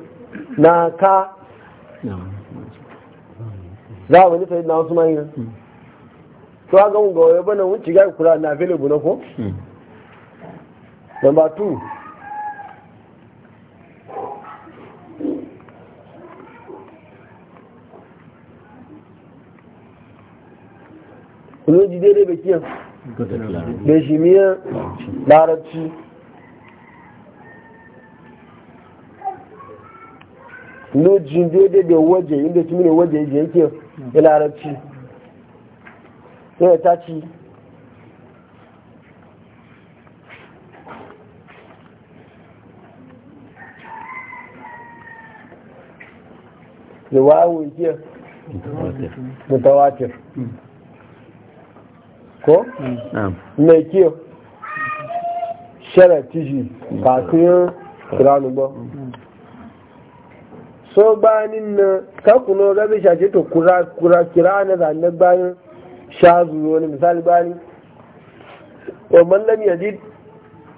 na ka za a wani sai na wasu mani nan to a ga ga wayo bana wuce ga kura na fele na ko number 2 oloji daidai bakiyan da shi miya larabci lojin daidai da waje inda su mini waje yake da larabci sai ta ci da wawo ke mutawatir ko? mai ke shara tiji ba su yin ba so banin na kakuno gabe shace to kura kura kira na zanne bayan sha zuwa ne misali bani wa man lam yajid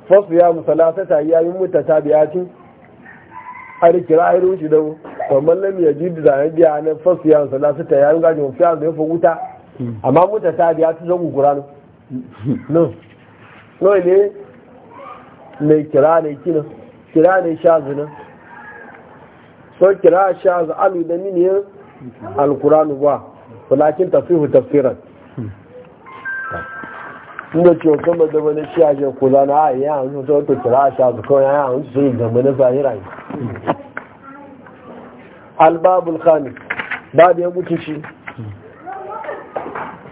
fasu ya musalata ta ci a da kira irin shi da wa ya ji da zanne biya na fasu ya musalata ta yayin gajin wasu da fa wuta amma mutatabiyatin zan kura no no ne mai kira ne kina kira ne sha zuwa so kira sha za'alu da miniyan alkuranu ba walakin tafihu tafsiran inda ce kuma da wani shi a jan kula na a yi hannu ta wata kira sha su kawai ya hannu sun zama na zahira yi albabul khani babu ya mutu shi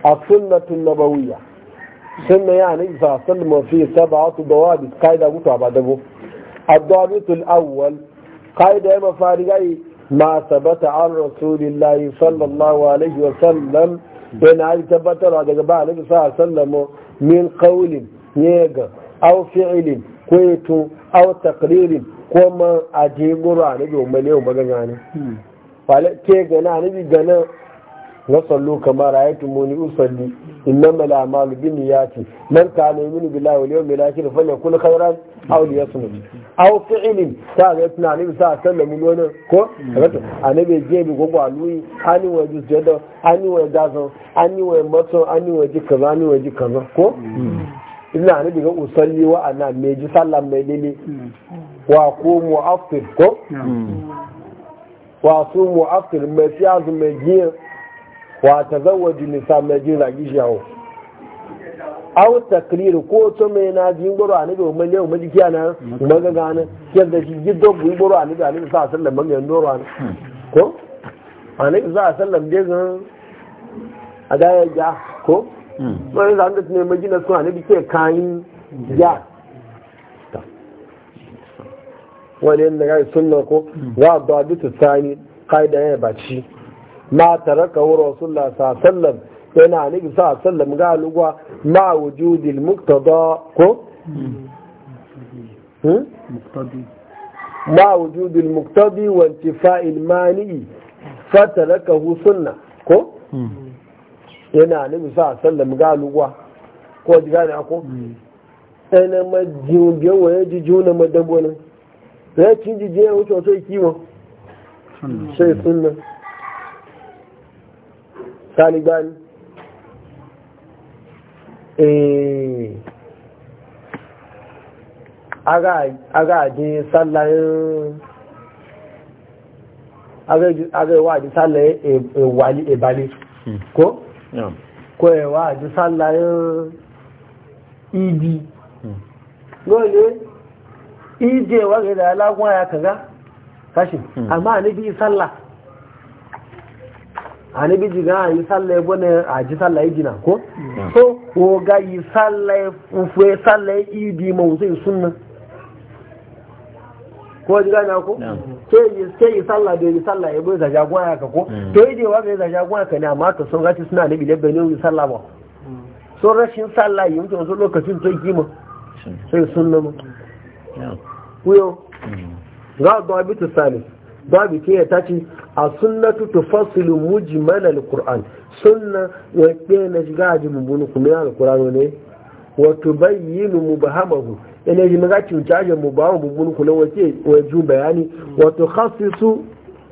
a sunnatun nabawiyya sunna ya nabi sa sallama fi sab'atu dawabi ba gutu abadabo الضابط الأول قائد أما فارغي ما ثبت عن رسول الله صلى الله عليه وسلم بين عالي ثبت على جبال النبي صلى الله عليه وسلم من قول يجا أو فعل كويتو أو تقرير كما أجيب قرآن يوم اليوم مجانا فعلى كي جنا نبي جنا ga sallu kamar ayatu muni usalli innama al'amalu binniyati man kana yu'minu billahi wal yawmil akhir falyakul khayran aw liyasmut aw fi'lin ta ga tuna ne sa sallamu wani ko wato anabe je bi gogo aluyi ani wa ju jado ani wa dazo ani wa mato ani wa ji kaza ani wa ji kaza ko ina ne daga usalli wa ana me ji sallan mai dele wa ko mu afir ko wa su mu afir mai fiyazu mai jiya wa ta zawaji nisa mai jin ragi shawo aw takrir ko to me na jin goro annabi o malliyau majikiya na maga gana yadda shi giddo bu goro annabi annabi sa sallan maga yan doro an ko annabi sa sallan dai ga adaya ja ko mai zan da ne majina su annabi ke kan ja wani yadda ga sunna ko wa ba dutu sani da ya baci ma taraka wa rasulullah sallallahu alaihi wasallam yana nabi sallallahu alaihi wasallam ga lugwa ma wujudil muqtada ko ma wujudil muqtadi wa intifa'il mani fatarakahu sunna ko yana nabi sallallahu alaihi wasallam ga lugwa ko ji gane ko ɗana majin biyawa ya ji juna madabbanin ya cin wuce sai sunna taliban eh, agajin sallayin agaiwajin sallayin ewali e ebali hmm. ko? ko ewajin sallayin ibi lóòlé ije wáyé amma níbi sallah ani bi jiga yi salla ya bane a ji salla yi jina ko so o ga yi salla fu salla yi ma mo sai sunna ko ji gana ko ke yi salla da yi salla ya bane za jagwa ka ko mm. to yi dewa ga za jagwa ka ne amma to sun ga suna nabi labbe ne yi salla ba so rashin salla yi mutum so lokacin to yi mu sai sunna ma. kuyo mm. ga dabitu salis dabitu ya tace a sunnatu tufassilu mujmal alquran sunna wai pe na shiga ji mun bunu kuma alquran ne mu ba mubahamahu ina ji maga ci jaje mu ba mun bunu kuma wace wai ju bayani wa tukhassisu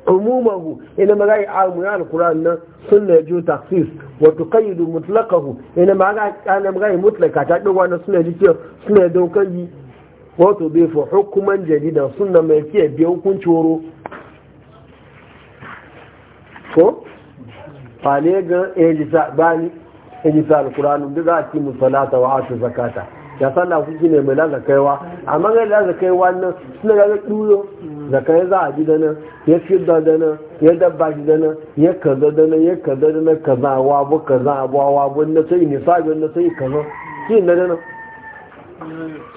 umumahu ina maga yi almu ya alkur'an nan sunna ju takhsis wa tuqayyidu mutlaqahu ina maga kana maga yi mutlaka ta ɗauka na suna ji sunna dokan yi wato bai fa hukuman jadida suna mai ke biyan hukuncin woro ko fane ga ejisa bani ejisa da za a mu salata wa atu zakata ya ku kuki ne mai laza kaiwa amma ga laza kaiwa nan suna ga duyo zakai za a ji da nan ya fi da nan ya da ba da nan ya kaza da nan ya kaza da nan kaza wa bu kaza za wa bu nan sai sa ga nan sai kaza shi na da nan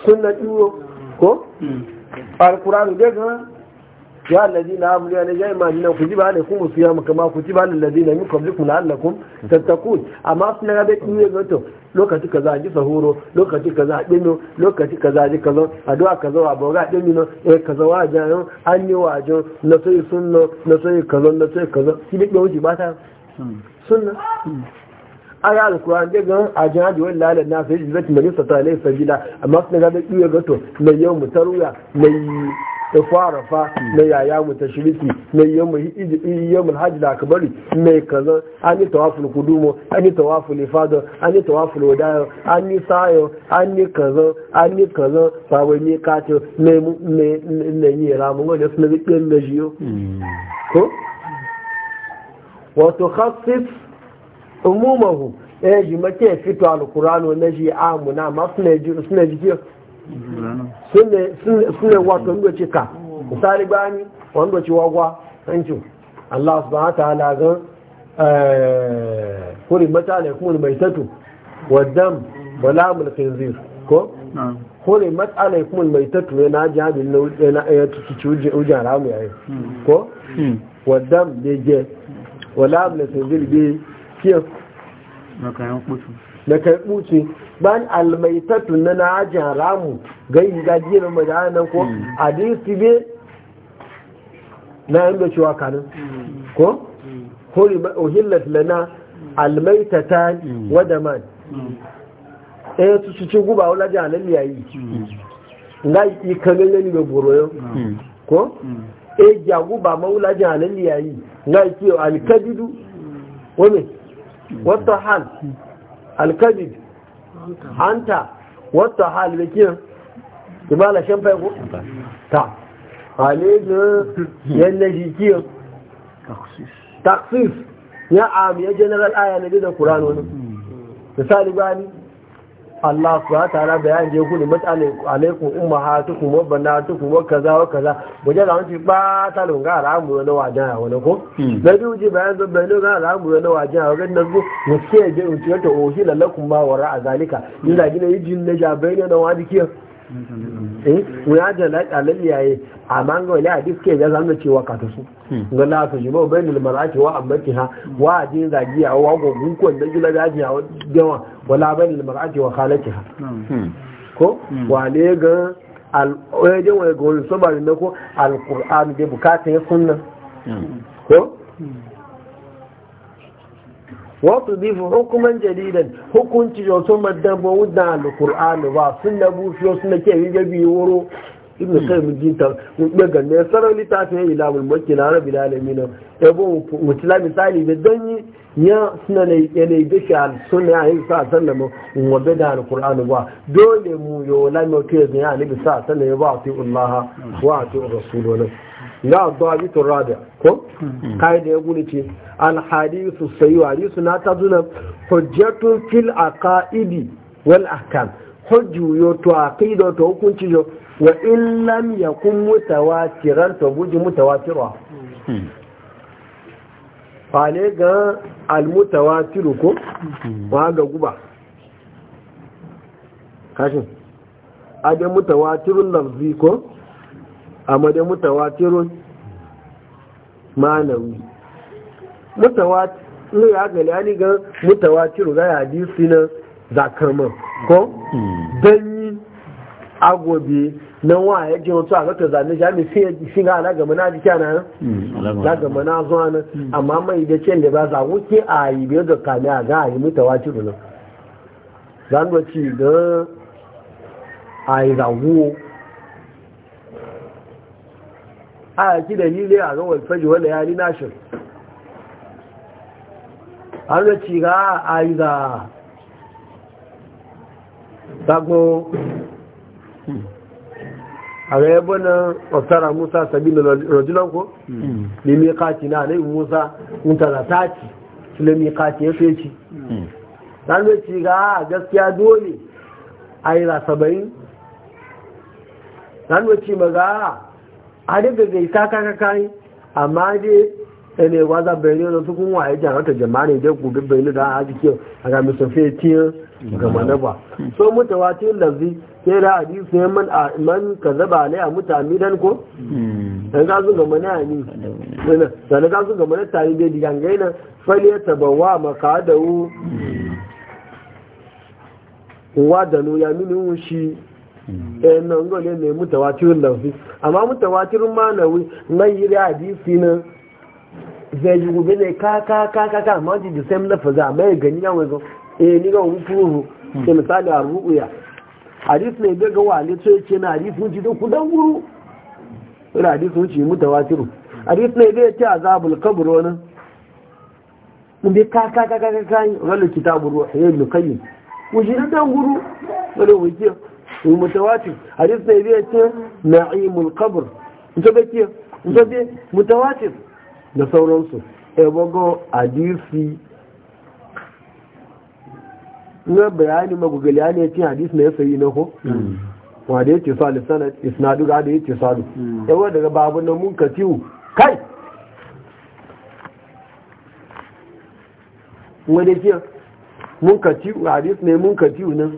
sunna duyo ko hmm. alkur'ani da ga ya allazina amanu a najai ma nan ku jiba da kuma siyam kama ku jiba da allazina min qablikum la'allakum tattaqun amma sun lokaci kaza ji sahuro lokaci kaza dino lokaci kaza ji kaza addu'a kaza wa boga dino eh kaza an yi wajen na sai sunno na sai kaza na sai kaza shi da wuce ba ta sunna aya alkuran da gan a jihadi wani lalata na sai jizzati mai laifin gida amma ga mai yau mai da farafa mai yaya mu ta shiriki mai yammul hajji da aka bari mai kaza an yi tawafin kudumo an yi tawafin ifado an yi tawafin wadayo an yi sayo an yi kaza an yi kaza sabon ne kato mai nanyi ramun wanda suna zikin na jiyo hmm. ko wato khasif umumahu eh jimake fito alkurano na ji amuna masu na ji ne wato wanda ce ka misali bani wanda ce wagwa hancin Allah subhanahu wa ta'ala ga eh, kuri mata ne kuma mai tatu wadam wala mulkin zir ko kuri mata ne kuma mai tatu ne na jihadin na ya tuci ujan ramu yayi hmm. ko hmm. wadam da je wala mulkin zir bi kiyar na karɓu ce ban almaitattu na na aji haramu gai gajiyar majalar ko mm. a dinsu be na yin da cewa kanin ko? Mm. hori ohillat lana almaitata mm. wadda man ɗaya eh, su ci guba wula ji halal yayi na yi kanin yani ga goro ko? e ja guba ma wula ji halal yayi na yi kiyo alkadidu wani wata hal alkabid hanta wata halikin ibala shan faiko ta halejin yadda jikiyar taksis ya amiya general aya na gidan kuranu wani hmm. misali gani Allah su ya tara bayan je ku ne matsalin alaikun umma ha tuku wa bana tuku wa kaza wa kaza wajen da wani ba ta lunga al'amuru na wajen ya wani ko hmm. na biyu ji bayan zo bayan lunga al'amuru na wajen ya wajen na zuwa wasu ya je wuce ta ohi lalakun ma wara a zalika yin zagi na yi jin na jabai ne na wani kiyar hmm. eh ya da laƙalar yaye amma ga wani hadis ke ya zama cewa ka ta su hmm. ga la su jima bai da mar'ati wa ammati ha wa a ajin zagiya wa gogun ko da gina gajiya a dawa wala bai da mar'ati wa halaki ha hmm. ko hmm. wale ga al-oyajen wa ga wani sabarin na ko al-qur'an da ya sunna ko wasu bifu hukuman jaridan hukunci da wasu madabba wudan alkur'ani ba sun na bufiyo suna ke yi gabi wuro ibn mu jinta mutbe ga ne sarar litafi ya ila mul mulki na da alamin ebo mutila misali da yi ya suna na ne ne da shi suna ya yi sa sallama wadda da alquran ba dole mu yo la mu ke ne ani bi sa ya ba ti allah wa ti rasulunan ga adawitun rabia ko hmm. kai da ya gudu ce alhadisu sayi hadisu na ta zuna hujjatun fil aqaidi wal ahkam hujju yo to aqida to hukunci yo wa in lam yakun mutawatiran to buji mutawatira hmm. fale ga almutawatiru ko ba hmm. ga guba kashin ade mutawatirun lafzi ko a madai mutawatirun manawi mutawatirun ya gali ani ga mutawatirun ga hadisi na zakarman ko danyi agobe na wa ya ji wato a zata zane shi ami fi ga ala mana na jikiya hmm, na na gama na zuwa na amma mai da ce da ba za wuke a yi biyar da kame a ga a yi mutawatirun nan zan ci ga a yi zawo a ki ne a ga walfaji wanda ya ni nashin an da ci ga a yi za sago a ga yabo na wasara musa sabi da rajulanku ko ne mai kaci na yi musa mutala ta ci su ne mai kaci ya feci an da ci ga gaskiya dole a yi za saba'in an da ci maga a zai ta kaka kayi amma dai ene waza bayani na tukun kun waye jan wata jama'a da ku bi bayani da haji ke a musu mi sofe tiyan ga manaba so mutawatir lazi sai da hadisi sai man man kazaba ne a mutami dan ko dan hmm. ga su ga mana ni dan ga su ga mana yi da digan na fali ya tabawa makadahu hmm. wa da no ya mini shi eh nan gole ne mutawatirun lafi amma na manawi nan yi hadisi nan zai yi gobe ne ka ka ka ka ka amma ji same lafaza amma ya gani yawon zo eh ni ga wani furu sai misali a ru'uya hadis ne bai ga wale to yake na hadis mun ji da ku dan guru ira hadis mun ci mutawatiru hadis ne bai ce azabul qabr wannan mun bi ka ka ka ka ka wala kitabur ruh ibn qayyim wuji dan guru wala المتواتر حديثنا da ya ce na'imul qabr ita da ke ita sauransu na bayani magugali ne cin hadis na ya na ko wanda ya ce su lisanat isnadu ga da ya ce sadu yawa daga babu na mun ka ciwu kai mun ka hadis mun ka nan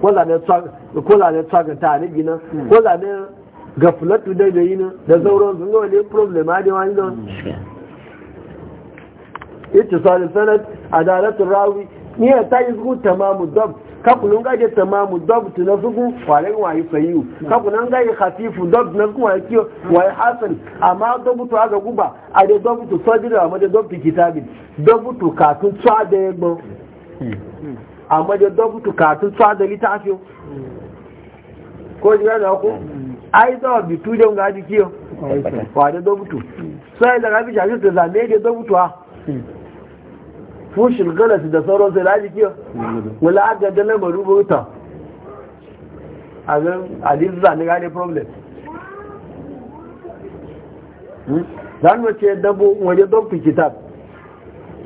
ko zane tsaganta a nabi nan hmm. ko zane gafulatu da yi nan da hmm. sauran sun ga wani problem a wani nan hmm, ita sani sanat adalatun rawi ni ya ta yi zuku tamamu dab kakunan gaje tamamu dab ta na suku kwarin wayi sayu kakunan gaje hafifu dab na suku wayi kiyo wayi hasan amma dab tu aga guba a da dab tu sajira amma da dab kitabin dab tu tsada ya gbọ amma da dokutu katun tsawa da littafi ko jira da ku ai zawa bitu da ga jikiyo wa da dabutu sai da gabi jaji da zame da dabutuwa fushin galas da sauran sai da jikiyo wala aga da lamarin rubuta a zan alizza ne ga ne problem hmm? zan wace dabo waje dokutu kitab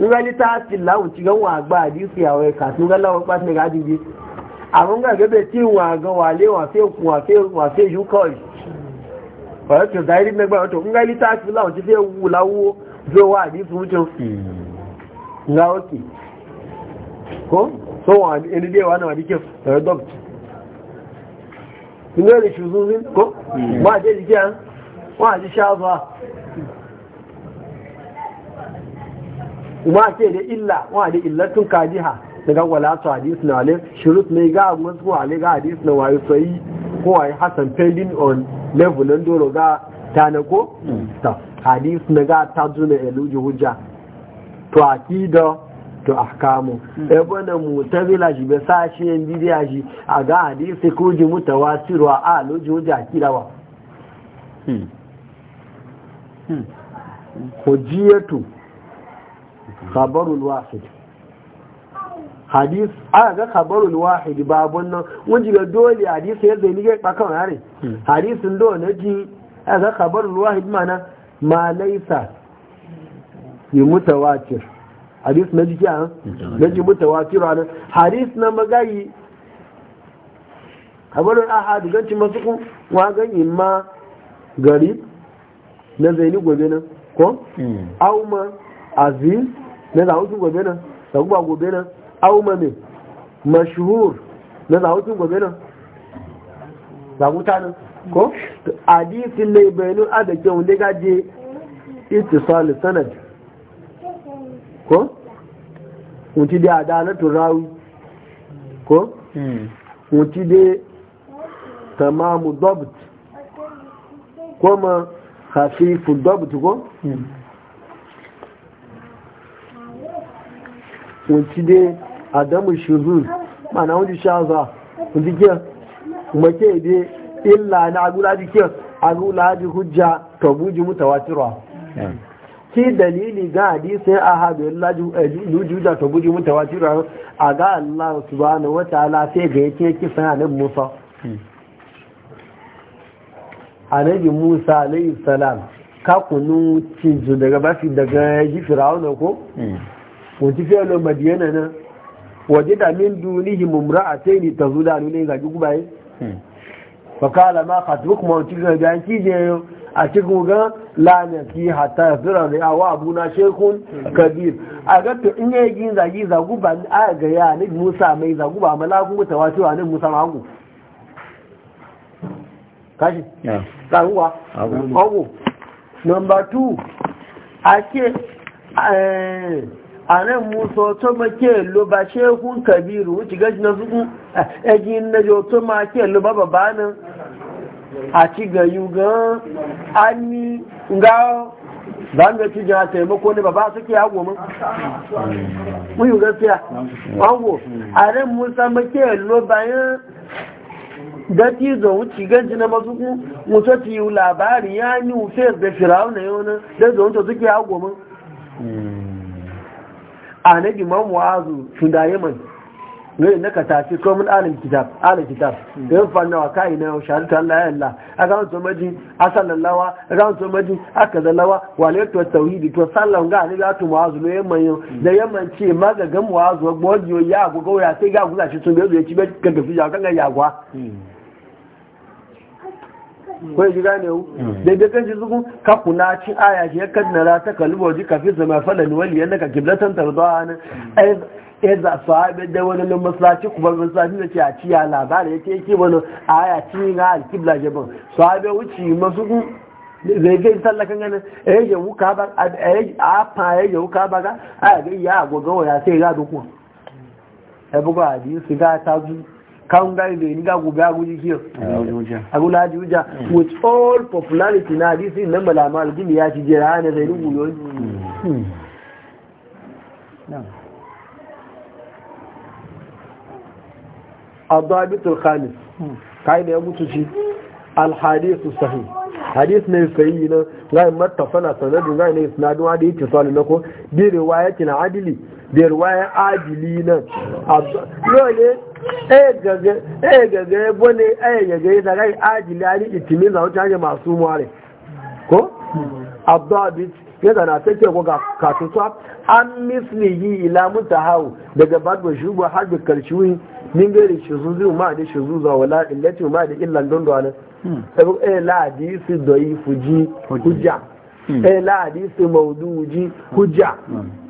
nga li ta ti la un ti gan wa gba hadisi ya we ka tun ga lawo pa ni ga di bi àwọn ga gbe ti wa gan wa le wa fe ku wa fe wa fe ju ko yi fa to dairi me gba to nga li ta ti la ti fe wu la wo zo wa hadisi mu fi. nga o ti ko so wa ni de wa na wa di ke e, dokt ni le shuzuzin ko ma hmm. je di ke an wa ji shafa ma ce da illa wa da illatun kajiha daga wala su hadis na wale shirut mai ga wasu wale ga hadis na wayo sai ko wayo hasan pending on level nan doro ga tanako ta mm. hadis na ga ta juna eluji hujja to akida to ahkamu ebe mm. na mutazila shi be sashi en bidiya shi a ga hadisi ko ji mutawasir wa a loji hujja Ko hmm. hmm. jiyatu. khabarul wahid hadis a ah, ga khabarul wahid babun nan wunji ga dole hadisi yadda ni ga kan yare hmm. hadisin do na ji a ah, ga khabarul wahid mana ma laisa bi mutawatir hadis na ji kiyan ah? na ji mutawatir ana hadis na magayi khabarul ahad ganci masu ku wa ga imma garib na zaini gobe nan ko hmm. auma aziz na zawutun gobe nan sagugba gobe nan ne, mashuhur na zawutun gobe nan zaguta nan ko hadisin ne bayanin adakin wanda gaje itisali sanad ko wuce da adalatun rawi ko hmm. wuce da tamamu dabt kuma hafifu dabt ko hmm. wanci dai adamu shirun mana wani shaza wani kiyar mace dai illa na agulaji agula agulaji hujja ta buji mutawatirwa ki dalili ga hadisin ahadu yallaji hujja eh, ta buji mutawatirwa a ga Allah subhanahu wa ta'ala sai ga yake yake sanin Musa hmm. annabi Musa alayhi salam ka kunu cinzu daga bafi daga yi Firawuna ko hmm. wọ́n fẹ́ lọ na waje wọ́n jẹ́ dàmí ń dún ní ìmùmúra àti ìní tàzú láàrin ilé ìgbàjú gúbà yìí bàkà àlàmà àtìwọ́kù mọ̀ tí gbogbo ẹ̀jẹ̀ kí jẹ́ yẹn àti gbogbo lánàá kí hàtà ìfẹ́ràn rẹ̀ àwọ̀ àbúná ṣẹ́kùn kabir àgàtọ̀ in yẹ́ gí ìzàgí ìzàgúbà àgàyà ní musa mai ìzàgúbà àmàlágún mutawa tí wà anan musa ma magu kashi ɗanwa ọgwọ̀ nọmba 2 ake a musa wato make luba shekun kabiru wuce gaji na zuku eh, ejin na joto make luba babanin a ci ga yugan an yi ga ba mu ci jina taimako ne ba ba suke hago mun mun gaskiya hago a musa make luba yin dati zo wuce gaji na mazuku musa ci labari ya yi ufe da firawuna yau na da zo wuce suke hago mun annabi mamuwazu su da yaman ne na ka tafi komin alin kitab alin kitab hmm. yin wa kai na yau shahadu ta ya yalla a kan su maji a lawa a kan su maji a kazallawa wale to tauhidi to sallan ga ne hmm. ya tuma ne yamman yau da yamman ce magagan muwazu gbogiyo ya gogo ya sai ga guza shi sun bezo ya ci bai gaggafi tafi ya kan ga hmm. ko ya ji ganewu mm. daidai kan shi zukun ka kuna ci aya shi ya la ta kalbo ji kafin zama falani wali yadda ka kiblatan tarzuwa hannun ai da su da wani masallaci kuma masallaci da ke a ya labarai yake yake wani aya ci ga kibla je ban haɓe wuce masu zai gai sallakan gane eh ya wuka ba a eh, fa eh, ya wuka ba ga a ga ya gogo ya sai ga duku wa ya buga hadisi ga ta kawun gari da yi gagu gagu yi kiyar a ah, gula haji mm. with all popularity na hadisi nan malama algini ya ci jera hana zai mm. rubu mm. yau الضابط الخامس قاعدة يا متشي الحديث الصحيح حديث yi sayi na ga yi sanadun ga ne isnadun hadisi sallallahu ko bi adili da adili nan yole ɗaya gaga ya bane ɗaya gaga ya zaga adili a itimin zaun canje masu mawari ko? abdobit ya na ta ke ga katutuwa an yi ila muta daga bagwa shubu har da karshe wuyin shi ma da shi wala illati ma da illan don dole eh la doyi fuji hujja hmm. eh, la mawduji hujja hmm.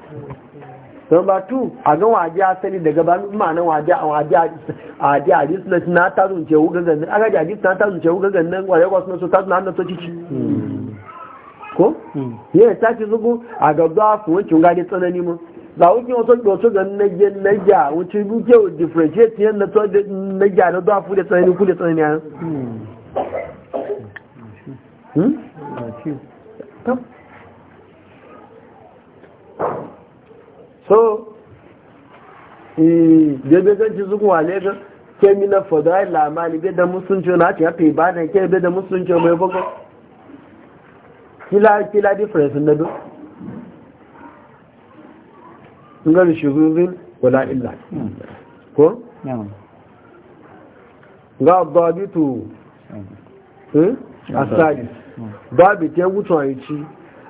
number two a gan waje asali daga ba ma'anan waje a waje a di hadis na na ta zunce hu ga gannan aka hadis na ta zunce hu ga waje wasu na so ta zuna na so cici ko hmm. ta ci zugu a ga za su wuce ga tsanani mu za wuce wasu da ga na je na ja wuce differentiate yan na so na na za fu tsanani ku da tsanani an hmm, hmm? hmm. so daidai zan ci zukun wale ga kemi na fada ya lamani bai da musulunci na ce ya fi ba na ke bai da musulunci mai bugu kila kila difference na duk Ngan shi shigurin wala illa ko? ga eh asali babitu ya wuce wa yi ci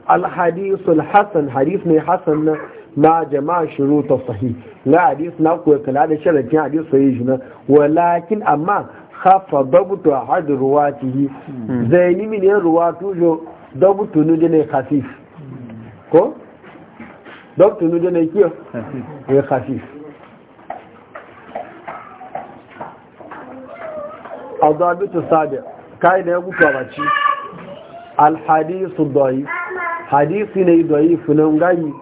alhadisul hassan hadis ne hassan na Na jama'a ta sahi na hadis na kuwa kala da sharafin hadis sahi shi na walakin amma ruwa dabutu ahad ruwatihi hmm. yi min yan ruwa tujo dabutu nuje ne khafif ko dabutu nuje eh, ne kiyo ya khafif الضابط السابع alhadisu يقول الحديث ne doyi funan gani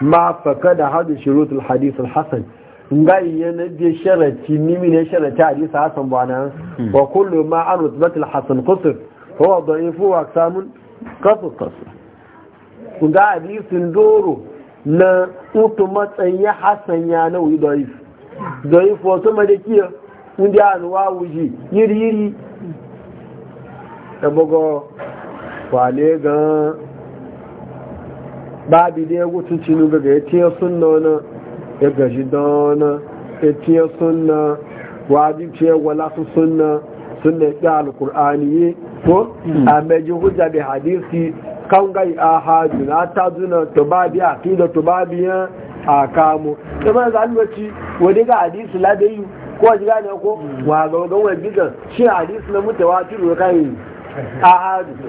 ma faka da hadu shirutul hadisul hasan ngai yana je sharati nimi ne sharati hadisi hasan bana hmm. wa kullu ma an rutbatul hasan qasr huwa da'ifu wa aksamun qasr qasr ga hadisin doro na utu matsayi hasan ya na wi da'if da'if wato ma da kiyo ndi anwa wuji yiri yiri da bugo wale ga Ba da ya gutun cinu gaga ya tiya sunna wani ya gaji dana ya tiya sunna wajib ce wala su sunna sunna ya ƙi alƙur'ani ko a mejin hujja da hadisi kan gai a hajji na ta zuna to ba a fi da to ba biya a kamo da ma za lokaci wadda ga hadisi ladayi ko ji ne ko wa ga wagan wajen shi hadisi na mutawa turu kai a hajji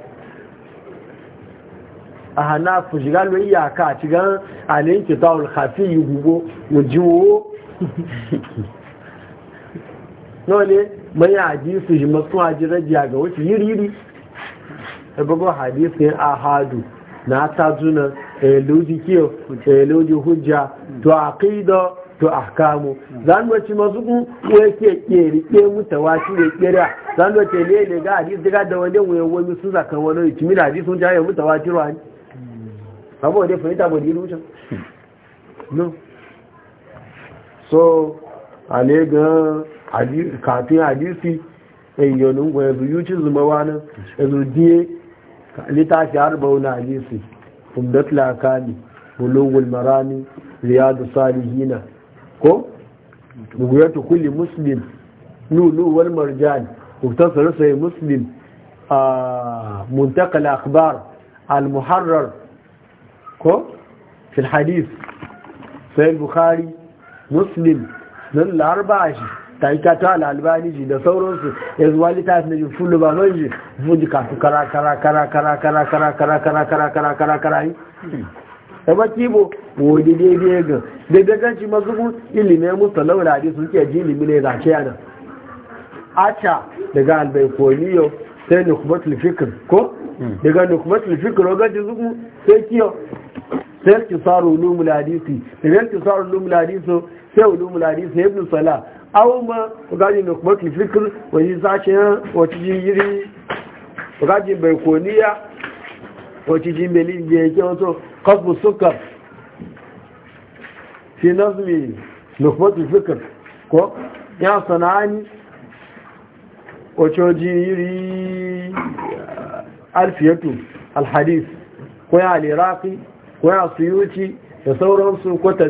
a hana su shiga lo iyaka a cikin alayin kitawul hafi yi gugo mu ji wo nole mai haji su shi masu haji rajiya ga wuce yiri yiri ta e bugu hadisin ahadu na ta juna elodi kiyo elodi hujja to aqida to ahkamu zan wace masu kun wake kere ke mutawa shi ne kera zan wace ne ne ga hadisi ga da wani wani sun zaka wani kimina hadisi sun jaye mutawa shi ne abuwa dai fahimta ba diru can no so a ne ga zuma hadisi ɗayyanin kwa yanzu yucin zumawa nan yanzu diye littafi harba wani hadisi fundat lakani bulogul marani riyadu salihina ko buguyatu kulli muslim lulu wal marjan muktasar sai muslim a muntakal akhbar al muharrar ko fil hadith sai bukhari muslim nan larbashi ta yi ta tala albaniji da sauransu ya zuwa littafi na jifin libanonji fuji kasu kara kara kara kara kara kara kara kara kara kara kara kara yi da baki bo wani daidai ga daidai ganci masu ilimi ilimin musta laura da suke ji ilimi ne zace yana aca daga albaikoniyo sai nukumatul fikir ko hmm. daga nukumatul fikir wa gaji zuku sai kiyo sai kisar ulumul hadisi ki kisar ulumul hadisi sai ulumul hadisi ibn sala aw ma gaji nukumatul fikir wani sashen wacce jiri gaji bai koniya wacce jimbelin da ke wato kasbu sukar fi nazmi nukumatul fikir ko ya sana'ani وتجيري ألفية alhadis ko العراقي كويا السيوتي يصور نفسه da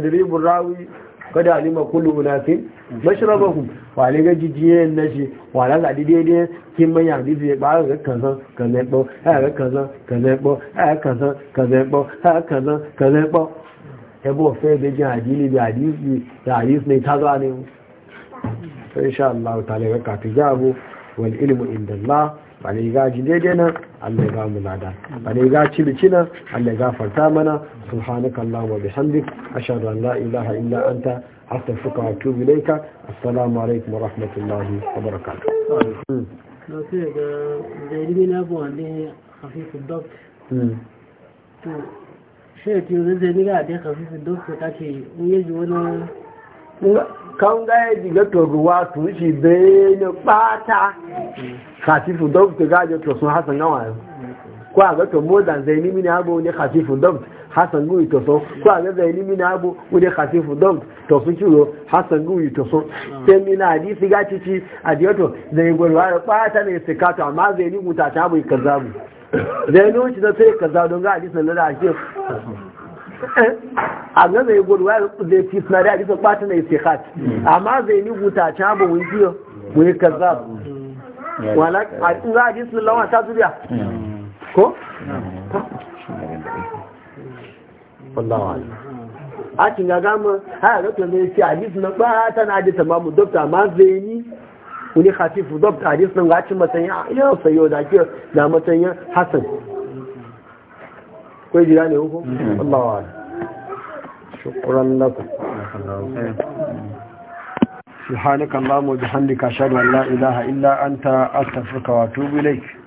الراوي wa ne ga jijiyen na shi wa na daidai kin manya da zai ba ga kaza kaza ɓo ha ga kaza kaza ɓo ha ga kaza kazan ɓo ha ga kazan kazan ɓo yabo fai jin hadini da bi hadisi ne ta zuwa ne insha Allah ta lai ga kafin wal ilmu inda Allah ba ne ga ji daidai nan Allah ya mu lada ba ne ga ci bici nan Allah ya farta mana subhanakallahu wa bihamdik ashhadu an la ilaha illa anta astaghfiruka wa atubu ilayka assalamu alaikum wa rahmatullahi wa barakatuh hmm. na sai ga daidai na bu wanda hafifu dok hmm. to shi ne zai ni ga da hafifu dok ta ce in yaji wani kan gaya e diga to ruwa tun shi bene bata khasifu dabt ga je to sun hasan gawa yau ko ga to more than zaini min abu ne khasifu dabt hasan gui to so ko a ga zaini min abu ne khasifu dabt to sun kiro hasan gui to so sai min hadisi ga ci a je to zai gwarwa bata ne sikato amma zaini mutata yi kazabu zaini wuce da sai kazabu don ga hadisi na da ake a ga zai gudu wa zai fi sinari a bisa kwata na istihat amma zai ni guta can abu mun jiyo mun yi kaza wala a za a ji sun lawan ta zuriya ko? a cikin gaga mu haya ga tunan zai fi hadis na kwata na hadis mamu mu dokta amma zai ni wani khatifu dokta hadis nan ga cikin matsayin a yau sayo da ke da matsayin hassan kwai jira ne uku? Mm-hmm. Allah wa shukuran lakum subhanaka allahumma bihamdika ashhadu an la ilaha illa anta astaghfiruka wa atubu ilayk